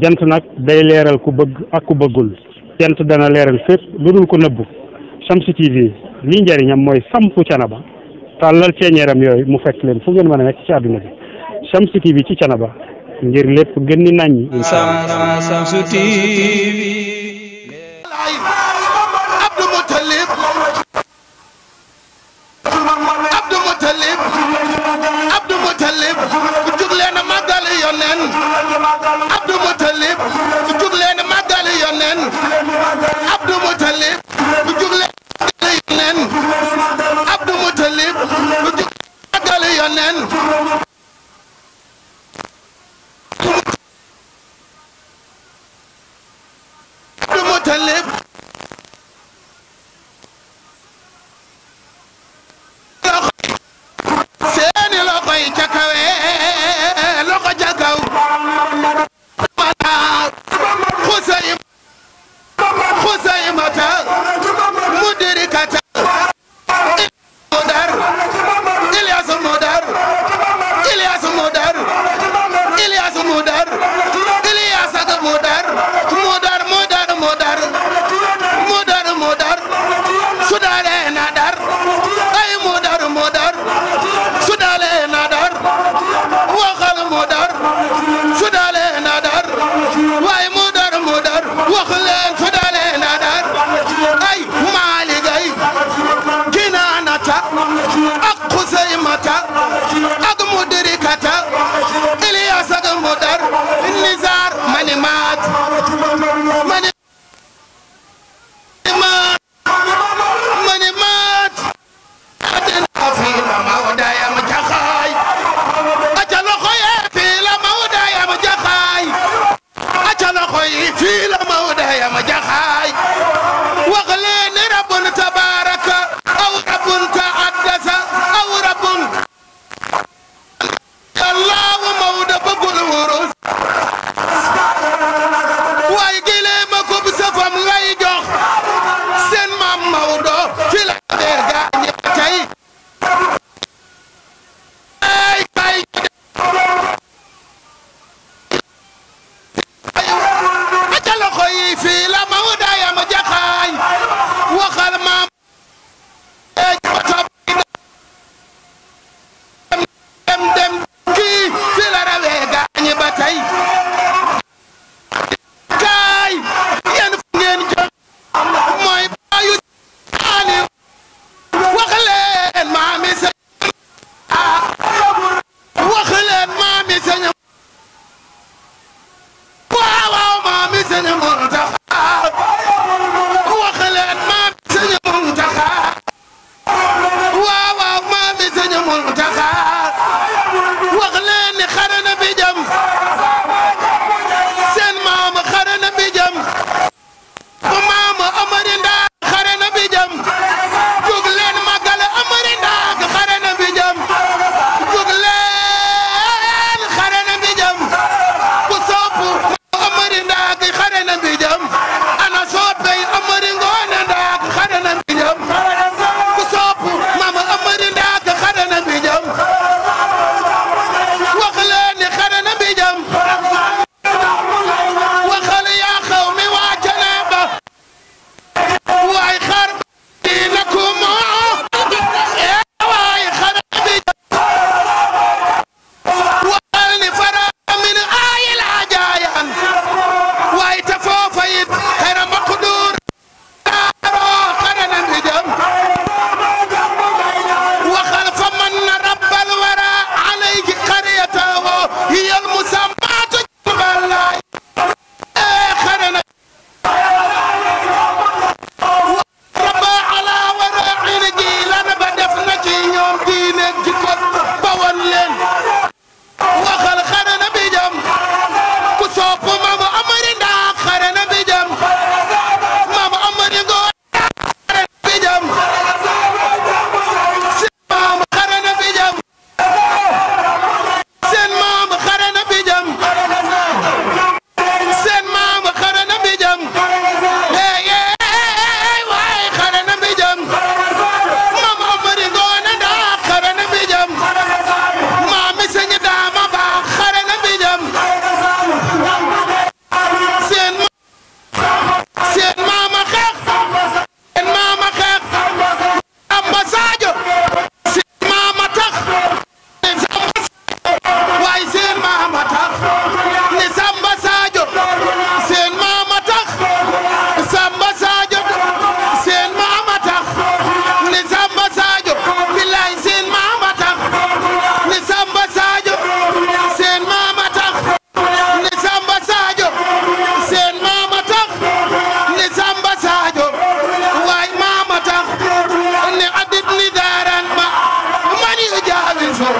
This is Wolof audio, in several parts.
jant nag day leeral ku bëgg ak ku bëggul jant dana leeral fépp lu dul ko nëbbu Shamsu TV li njëriñam mooy sampu canaba tàllal ceeñeeram yooyu mu fekk leen fu ngeen mën a nekk ci àdduna bi Shamsu TV ci canaba ngir lépp gën ni naññi insha Abdou Moutalib ku leen a màggal yoneen Abdou Moutalib leen a màggal yoneen Abdou Moutalib leen a màggal mu dar su daale na wax leen su daale ay Maalik ay ak Xusaymata ak Mudirikata Iliyaas ak mama.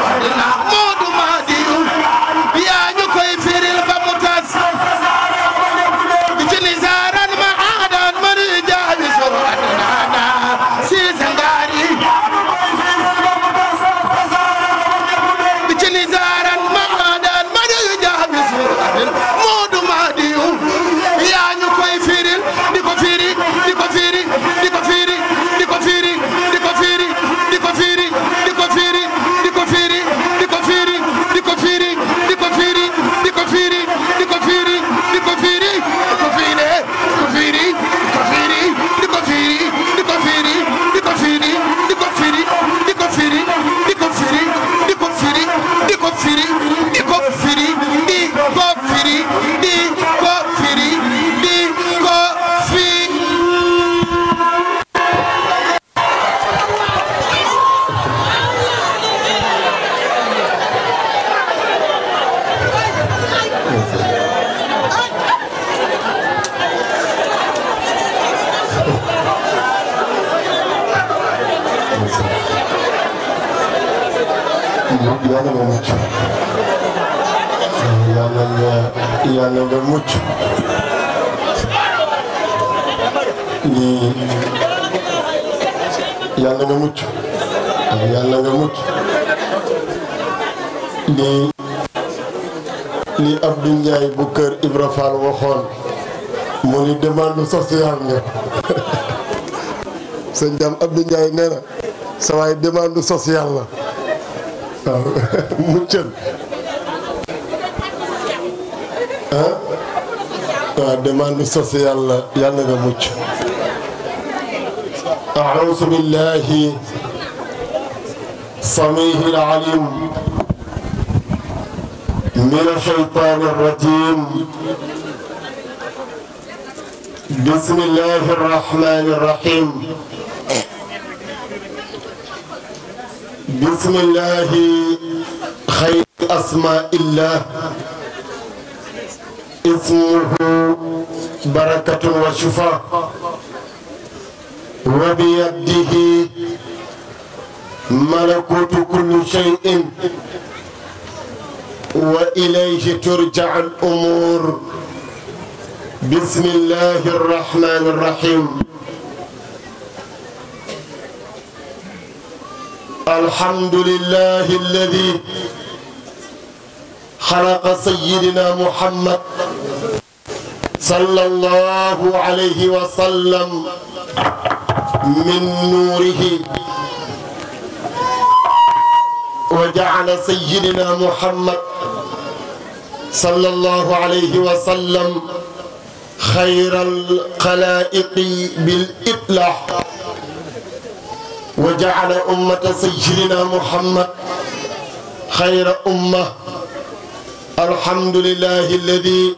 Right. Siri, Iko. li Abdou Ndiaye bu kër Ibra Fall waxoon mu ni demande sociale nga sëñ Dame Abdou Ndiaye nee na sa waay demande sociale la waaw muccël ah waaw demande sociale la yàlla nga mucc أعوذ بالله سميع العليم من الشيطان الرجيم بسم الله الرحمن الرحيم بسم الله خير أسماء الله اسمه بركة وشفاء وبيده ملكوت كل شيء وإليه ترجع الأمور بسم الله الرحمن الرحيم الحمد لله الذي خلق سيدنا محمد صلى الله عليه وسلم من نوره وجعل سيدنا محمد صلى الله عليه وسلم خير الخلائق بالإطلاق وجعل أمة سيدنا محمد خير أمة الحمد لله الذي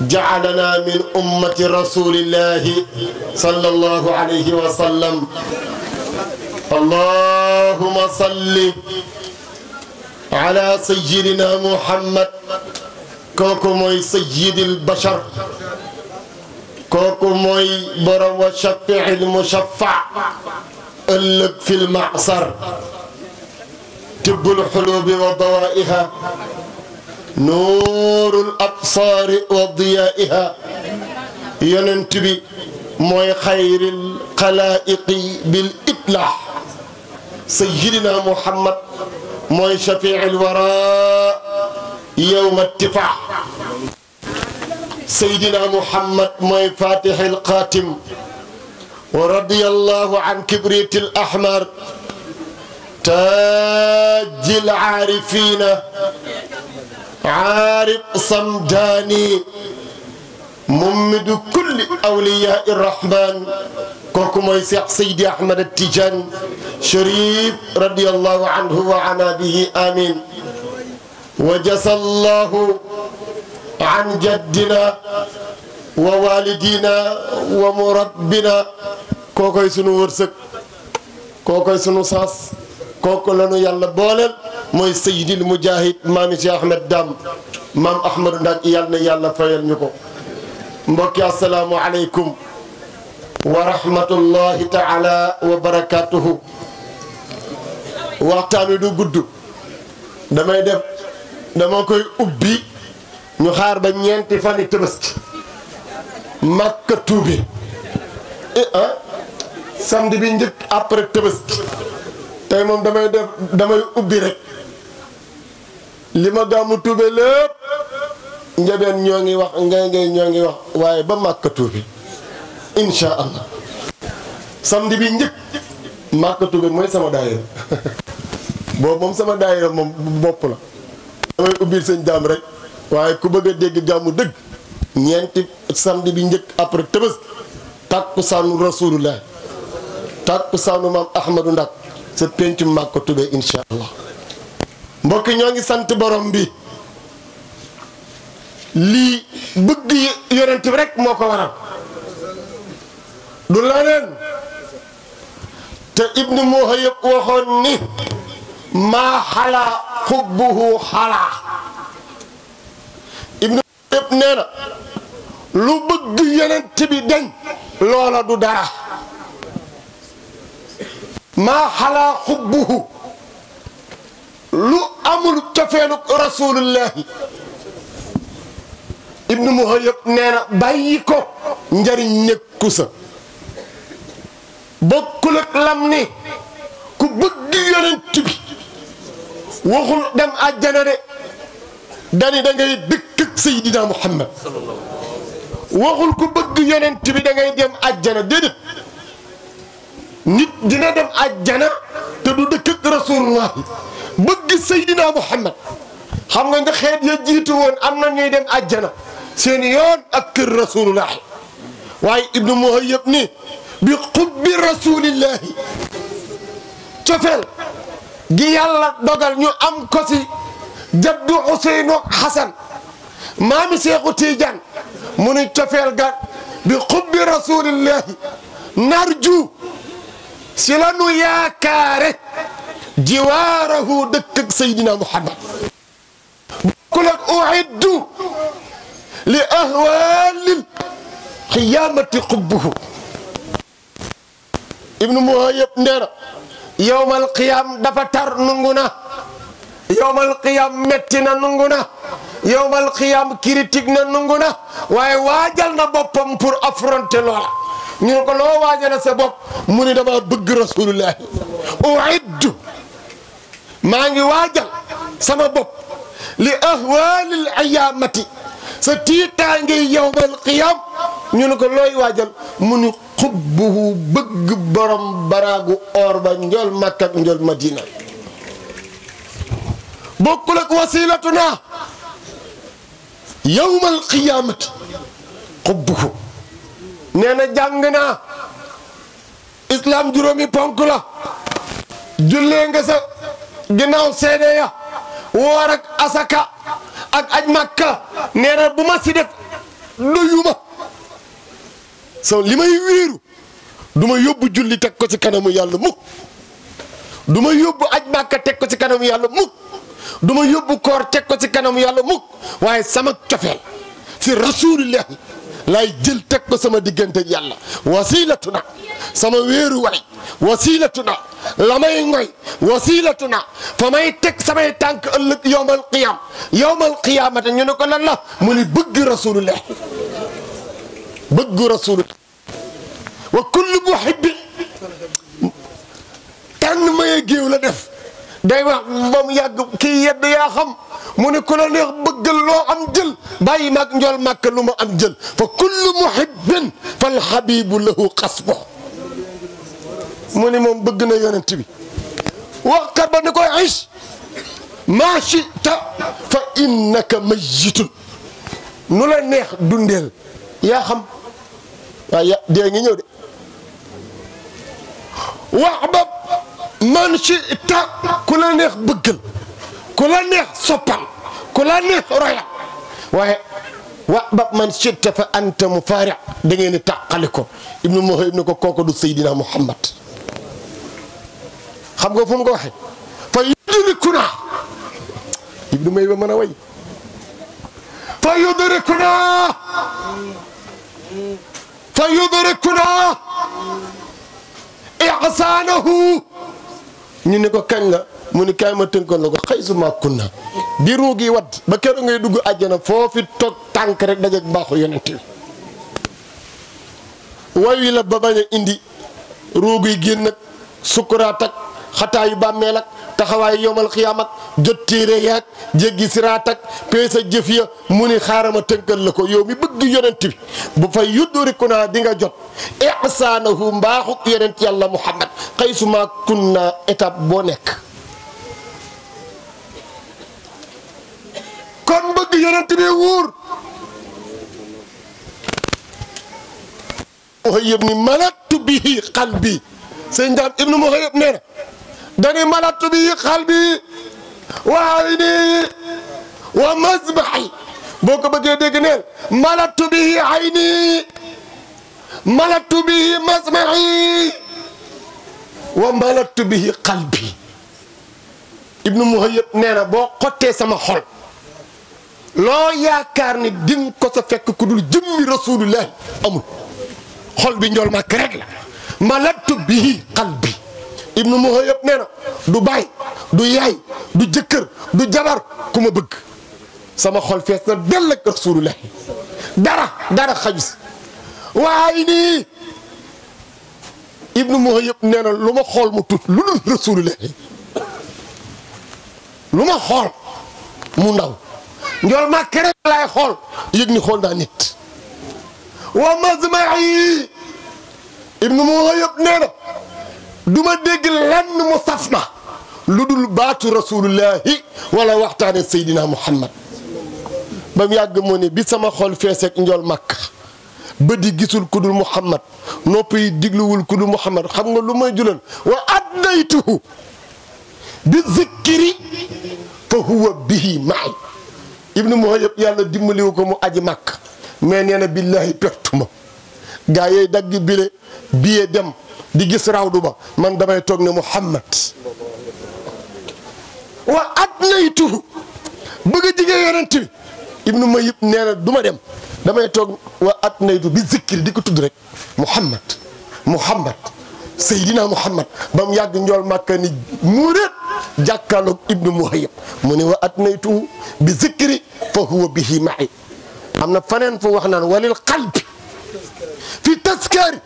جعلنا من أمة رسول الله صلى الله عليه وسلم اللهم صل على سيدنا محمد كوكو موي سيد البشر كوكو موي بروا شفع المشفع قلب في المعصر تب الحلوب وضوائها نور الابصار وضيائها يننتبي موي خير القلائق بالاطلاح سيدنا محمد موي شفيع الوراء يوم الدفاع سيدنا محمد مي فاتح القاتم ورضي الله عن كبريت الأحمر تاج العارفين عارف صمداني ممد كل أولياء الرحمن كوكو مي سيدي أحمد التجان شريف رضي الله عنه وعنا به آمين وجزى الله عن جدنا ووالدينا ومربنا kookoy sunu wërsëg kookoy sunu saas kooku la nu yàlla booleel mooy Seydil Mujahid maami Cheikh Ahmed Dame maam Ahmadou Ndak yàlla na fayal ñu ko mbokki asalaamu aleykum wa rahmatullahi taala wa barakaatuhu waxtaan wi du gudd damay def dama koy ubbi ñu xaar ba ñeenti fani tëbaski màkka tuubi i eh, ah samedi bi njëkk après tëbaski tey moom damay def damay ubbi rek li ma gàmmu tuube lépp njabeen ñoo ngi wax ngay ngay ñoo ngi wax waaye ba màkka tuubi insha allah samedi bi njëkk màkka tuubi mooy sama daayira boobu moom sama daayira moom bopp la damay ubbil sëñ daam rek waaye ku bëgg a dégg gàmmu dëgg ñeenti samedi bi njëkk après tëbës tàkku saanu rasulullah tàkku saanu maam ahmadu ndak sa pénc mag ko tubee insha allah mbokk ñoo ngi sant borom bi lii bëgg yonent bi rek moo ko waral du leneen te ibnu muhayyab waxoon ni maa xalaa xubbuhu xalaa ibnu yëpp nee na lu bëgg yonent bi loola du dara maa xalaa xubbuhu lu amul cofeelu rasulullahi ibnu muhayyab nee na bàyyi ko njariñ nekku sa bokkul ak ni ku bëgg yonent waxul dem àjjana de dani da ngay dëkk ak Seydina Muhammad waxul ku bëgg yonent bi da ngay dem àjjana déedéet nit dina dem jana te du dëkk ak rasulullah bëgg Seydina Muhammad xam nga nga xeet ya jiitu woon am na ñuy dem àjjana seen yoon ak kër rasulullah waaye muhayyab ni bi xubbi rasulillahi cofeel gi yàlla dogal ñu am ko si jaddu Ousseynou Xasan maami Seexu Tiijaan mu ni cofeel ga bi xubbi rasulillahi narju si la nu yaakaare jiwaarahu dëkk Seydina Muhammad bokkul ak uiddu li ahwaalil xiyaamati xubbuhu ibnu Muhayyab nee yowmal qiyam dafa tar nungu na yowmal qiyam metti na nungu na yowmal qiyam critique na nungu na waaye waajal na boppam pour affronter loola ñu ne ko loo waajal sa bopp mu ni dama bëgg rasulullah uiddu ngi waajal sama bopp li ahwalil ayamati sa tiitaangi yowmal qiyam ñu ne ko looy waajal mu ni xubbuhu bëgg borom baraagu or ba njool Makka ak njool Madina bokkul ak wasilatuna yawmal qiyaamati xubbuhu nee na jàng naa islaam juróomi ponk la jullee nga sa ginnaaw seede ya woor ak asaka ak aj Makka nee bu ma si def doyuma sama li may wéeru du ma yóbbu julli teg ko ci kanamu yàlla mukk du yóbbu aj màkka teg ko ci kanamu yàlla mukk du ma yóbbu koor teg ko ci kanamu yàlla mukk waaye sama cofeel si rasulillahi laay jël teg ko sama diggante yàlla wasilatu na sama wéeru way wasilatu na la may ngoy wasilatu na fa may teg samay tànk ëllëg yowmal qiyaam yowmal qiyaamata ñu ne ko lan la mu ni bëggu rasul wa kullu muhibbin tànn maye géew la def day wax ba mu yàgg kii yedd yaa xam mu ne ku la neex bëggal loo am jël bàyyi maag njool màkk lu ma am jël fa kullu muhibbin fal habibu lahu xasbo mu ne moom bëgg na yonent bi waxkat ba ni koy ish maa chita fa innaka mayyitun nu la neex dundeel yaa xam waaw ya dee ngi ñëw wax ba man ci ta ku la neex ku la neex soppal ku la neex wax ba man ci ta anta mu faari da ngeen di tàqali ko ibnu mohayib ne ko kooku du Seydina Muhammad xam nga fu mu ko waxee fa yudrikuna ibnu mohayib mën a way fa yudrikuna فيدركنا إحسانه ñu ne ko kañ nga mu ni kaay ma tënkoon la ko xëy su ma kunna di ruugi wat ba keroog ngay dugg àjjana foofi toog tànk rek dajeeg baaxu yonent bi way wi la ba bañ indi ruugi génn ak xataayu bàmmeel ak taxawaayu yomal xiyaam ak jot téere peesa jëf ya xaarama tënkal la ko yow mi bëgg yonent bi bu fay yudduriku naa di jot ihsaanahu mbaaxuk yonent yàlla muhammad xëy suma kun naa étape boo nekk kon bëgg yonent bi wóor muhayyib ni malaktu bihi qalbi sëñ daam ibnu muhayyib nee na داني ملت به قلبي وعيني ومذبحي بوك بجي ديغنيل ملت به عيني ملت به مذبحي وملت به قلبي ابن مهيب نانا بو قوتي سما خول لو ياكارني دين كو سا فك كودول جيم رسول الله امول خول بي نول ماك رك ملت به قلبي ibnu muhayyab neena du bay du yaay du jeuker du jabar kuma beug sama xol fess na del ak rasulullah dara dara xajus wayni ibnu muhayyab neena luma xol mu tut lu rasulullah luma xol mu ndaw ndol ma kere lay xol yegni xol da nit wa mazma'i ibnu muhayyab nee du ma dégg lenn mu saf ma lu dul baatu rasulullahi wala waxtaane Seydina Muhammad ba mu yàgg moo ne bi sama xol feeseeg njool màkk bët yi gisul ku dul Muhammad nopp yi digluwul ku dul Muhammad xam nga lu may julal wa addaytuhu bi zikri fa huwa bihi maay ibnu moo yëpp yàlla dimbaliwu ko mu aji màkk mais nee na billahi pertuma gaa yooyu dagg bile biee dem di gis rawdu ba man damay toog ne Muhammad wa at naytuhu bëgg a jege ibnu Mayib nee duma dem damay toog wa at naytu bi zikri di ko tudd rek Muhammad Muhammad Seydina Muhammad ba mu yàgg njool màkka ni muuréet jàkkaarloog ibnu Muhayyab mu ne wa at naytuhu bi zikri fa huwa bihi ma'i am na faneen fu wax naan walil qalbi fi taskaari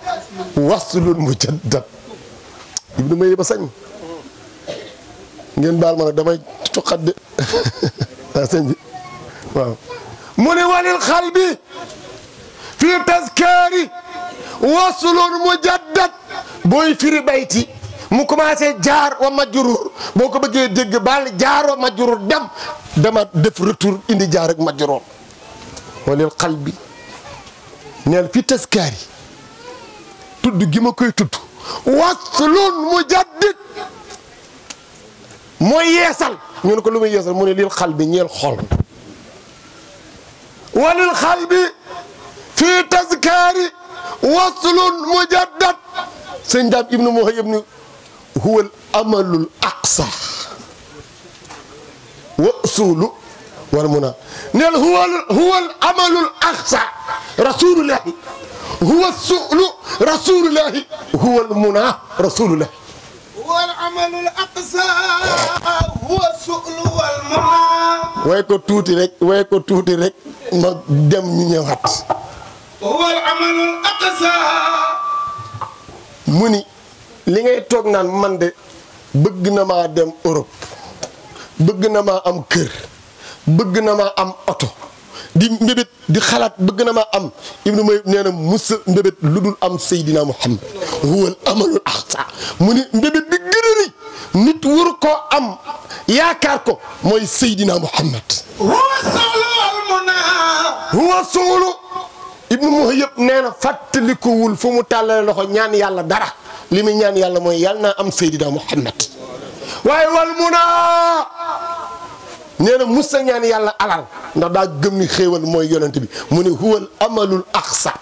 waslun mujaddad ibnu may ba sañ ngeen baal ma nag damay cuqat de waaw sëñ mu ne walil xal bi fi taskaari waslun booy firi bayti mu commencé jaar wa majurur boo ko bëggee dégg baal jaar wa majurur dem dama def retour indi jaar ak majurur walil xal neel fi taskaari tudd gi ma koy tudd waslun mujaddid mooy yeesal ñu ne ko lu muy yeesal mu ne lil xal bi ñeel xol walil xal bi fii taskaari waslun mujaddad sëñ daam ibnu muhayyab ni huwal amalul aqsa wa usulu والمنى نل هو هو الامل الاقصى رسول الله هو السؤل رسول الله هو المنى رسول الله هو الامل الاقصى هو السؤل والمنى ويكو توتي رك ويكو توتي رك ما دم نيوات هو الامل الاقصى مني li ngay toog naan man de bëgg na maa dem Europe bëgg na maa am kër bëgg na maa am oto di mbébét di xalaat bëgg na maa am ibnu may nee na musa mbébét lu dul am Seydina Muhammad huwal amalul axsa mu ni mbébét bi nit waru ko am yaakaar ko mooy Seydina Muhammad huwa sawlu almuna huwa sawlu ibnu muhayyab nee na fàttalikuwul fu mu tàllale loxo ñaan yàlla dara li muy ñaan yàlla mooy yàlla naa am Seydina Muhammad waaye wal muna nee na mus sa ñaan yàlla alal ndax daa gëm ni xéewal mooy yonent bi mu ne huwal amalul axsa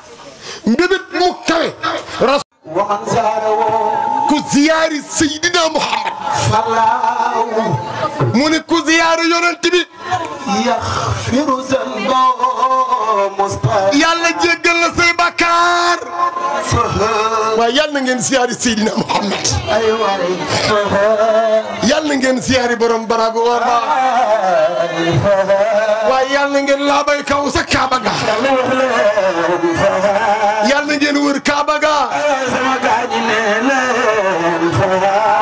mbébét mu kawe rasul waxan saaroo ku ziyaari Seydina Muhammad salaaw mu ne ku ziyaari yonent bi yaxfiru zanbo musta yàlla jéggal la say bakkaar waaye yal na ngeen siyaari Seydina Muhammad yal na ngeen siyaari borom barago wala waaye yal na ngeen laabay kaw sa Kaaba ga yal na ngeen wër Kaaba ga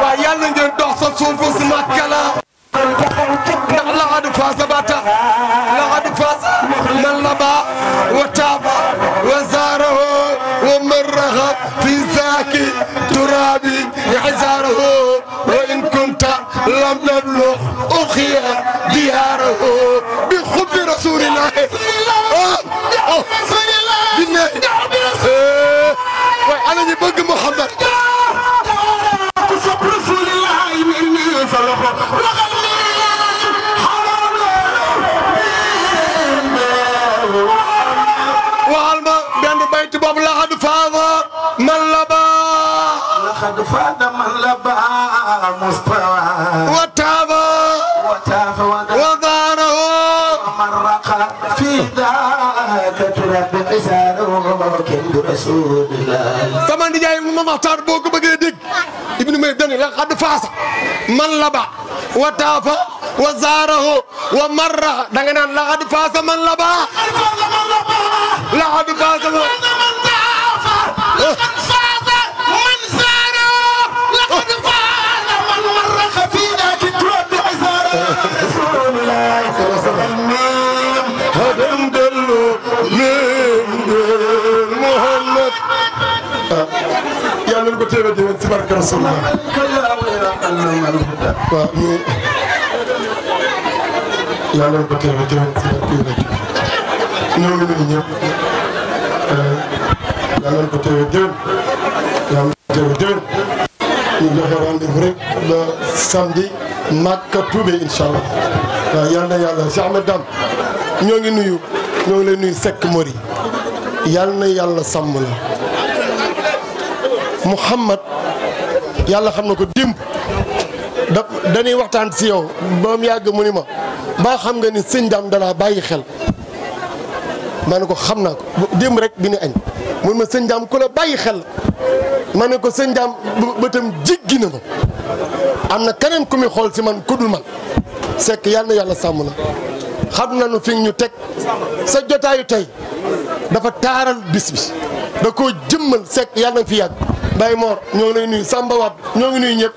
waaye yal na ngeen dox sa suufu si Makka faasa ba tax faasa man la wa taaba في ذاك ترابي حزاره وإن كنت لم نبلغ أخي دياره قد فادم لبى مستوى وتاب وتاب وضاره ومرق في ذاك تراب عساره كند رسول الله sama nijaay mu ma maxtaar boo ko bëggee dégg ibnu may dani la xad faasa man laba wa taafa wa zaarahu wa marra da nga naan la xad faasa man laba la xad faasa man laba رسول الله waaw ñu yàlla ba tey ba tey ngi nuyu ñëpp eh, yàlla ba tey ba déwén yàlla ba tey ba déwén rek le samedi Makka Toubé incha allah waaw yàlla yàlla Cheikh Ahmed ñoo ngi nuyu ñoo ngi lay nuyu Seck Mori yàlla na yàlla sàmm la Mouhamad. yàlla xam na ko démb da dañuy waxtaan si yow moom yàgg mu ni ma ba xam nga ni sëñ daam dalaa bàyyi xel ma ne ko xam naa ko démb rek bi ni añ mun ma sëñ daam ku la bàyyi xel ma ne ko sëñ daam bëtam jiggi na ma am na keneen ku muy xool si man ku dul man sekk yàlla na yàlla sàmm na xam nañu fi ñu teg sa jotaayu tey dafa taaral bis bi da koo jëmmal sekk yàlla na fi yàgg Baye Mor ñoo ngi lay nuyu Samba wat ñoo ngi nuyu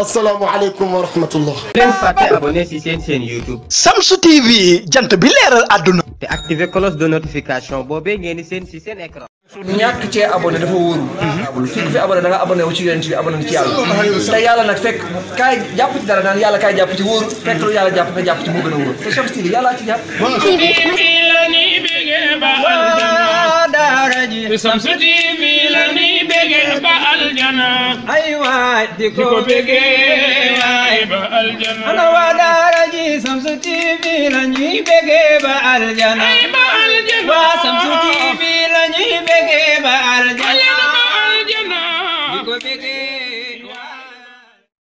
assalamu alaykum wa rahmatullah. faté abonné ci sen YouTube. samsu TV jant bi léral aduna té activer cloche de notification boobee ngeen di sen ci sen écran. abonné dafa mhm. fi abonné da nga abonné wu ci bi abonné ci te ci dara naan ci TV ci daara ji bisam su tiivi la nuy bégee ba aljana ay waay di ko bégee waay ba aljana ana waa daara ji Shamsu TV la ñuy bégee ba aljana ay ba aljana waa Shamsu TV la ñuy bégee ba aljana di ko bégee